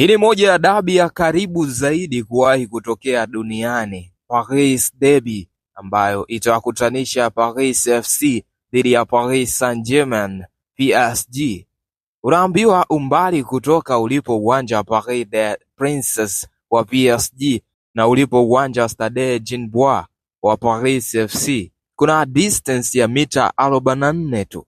Hii ni moja ya dabi ya karibu zaidi kuwahi kutokea duniani Paris Derby ambayo itawakutanisha Paris FC dhidi ya Paris Saint-Germain PSG. Unaambiwa umbali kutoka ulipo uwanja wa paris the Princes wa PSG na ulipo uwanja wa Stade Jean Bois wa Paris FC kuna distance ya mita 44 tu.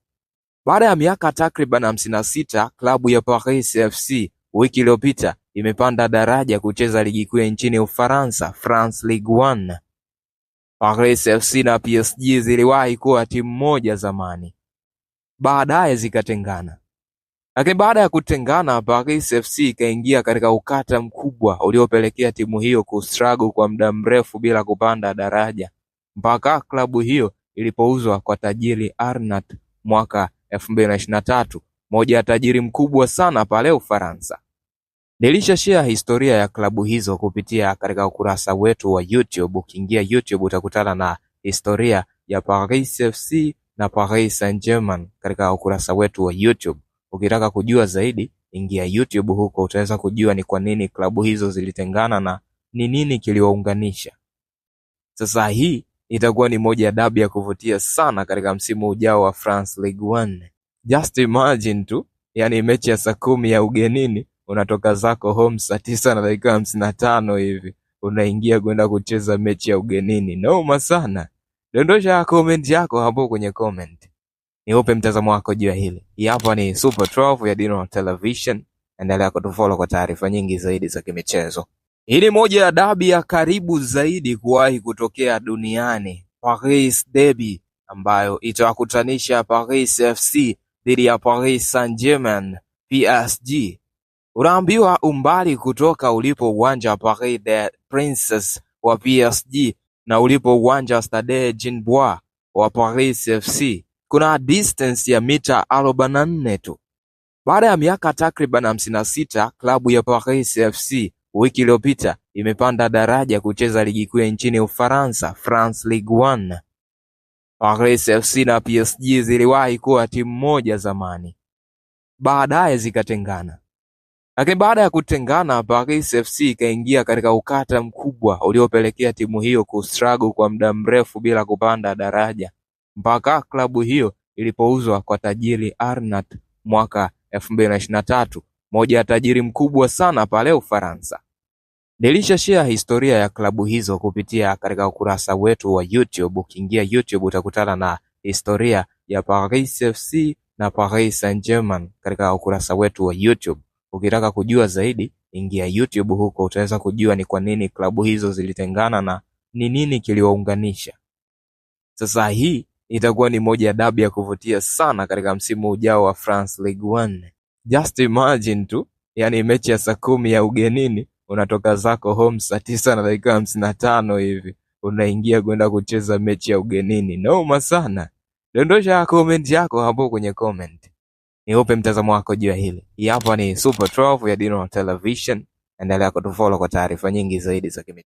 Baada ya miaka takriban 56 klabu ya Paris FC wiki iliyopita imepanda daraja kucheza ligi kuu ya nchini Ufaransa France Ligue 1. Paris FC na PSG ziliwahi kuwa timu moja zamani, baadaye zikatengana. Lakini baada ya kutengana, Paris FC ikaingia katika ukata mkubwa uliopelekea timu hiyo kustruggle kwa muda mrefu bila kupanda daraja mpaka klabu hiyo ilipouzwa kwa tajiri Arnat mwaka 2023, moja ya tajiri mkubwa sana pale Ufaransa shia historia ya klabu hizo kupitia katika ukurasa wetu wa YouTube ukiingia YouTube utakutana na historia ya Paris FC na Paris Saint-Germain katika ukurasa wetu wa YouTube. Ukitaka kujua zaidi, ingia YouTube huko utaweza kujua ni kwa nini klabu hizo zilitengana na ni nini kiliwaunganisha. Sasa hii itakuwa ni moja ya dabi ya kuvutia sana katika msimu ujao wa France Ligue 1. Just imagine tu, yani mechi ya saa kumi ya ugenini unatoka zako home saa tisa na dakika hamsini na tano hivi unaingia kwenda kucheza mechi ya ugenini. Noma sana. Dondosha comment yako hapo kwenye comment, niupe mtazamo wako juu ya hili. Hii hapa ni Super 12 ya Dino Television, endelea kutufollow kwa taarifa nyingi zaidi za kimichezo. Hii ni moja ya dabi ya karibu zaidi kuwahi kutokea duniani, Paris Derby, ambayo itawakutanisha Paris FC dhidi ya Paris Saint-Germain PSG unaambiwa umbali kutoka ulipo uwanja wa paris des Princes wa psg na ulipo uwanja wa stade Jean-Bouin wa Paris FC kuna distance ya mita 44 tu baada ya miaka takriban hamsini na sita klabu ya Paris FC wiki iliyopita imepanda daraja kucheza ligi kuu nchini Ufaransa, France Ligue 1. Paris FC na PSG ziliwahi kuwa timu moja zamani, baadaye zikatengana. Lakini baada ya kutengana Paris Fc ikaingia katika ukata mkubwa uliopelekea timu hiyo kustruggle kwa muda mrefu bila kupanda daraja mpaka klabu hiyo ilipouzwa kwa tajiri Arnat mwaka 2023, moja ya tajiri mkubwa sana pale Ufaransa. share historia ya klabu hizo kupitia katika ukurasa wetu wa YouTube. Ukiingia YouTube utakutana na historia ya Paris FC na Paris Saint-Germain katika ukurasa wetu wa YouTube. Ukitaka kujua zaidi ingia YouTube huko utaweza kujua ni kwa nini klabu hizo zilitengana na ni nini kiliwaunganisha. Sasa hii itakuwa ni moja ya dabi ya kuvutia sana katika msimu ujao wa France Ligue 1. Just imagine tu, yani mechi ya saa kumi ya ugenini unatoka zako home saa tisa na dakika hamsini na tano hivi unaingia kwenda kucheza mechi ya ugenini. Nauma sana. Dondosha comment yako hapo kwenye comment. Ni upe mtazamo wako juu ya hili. Hii hapa ni Super 12 ya Dino Television. Endelea kutufollow kwa taarifa nyingi zaidi za kimichezo.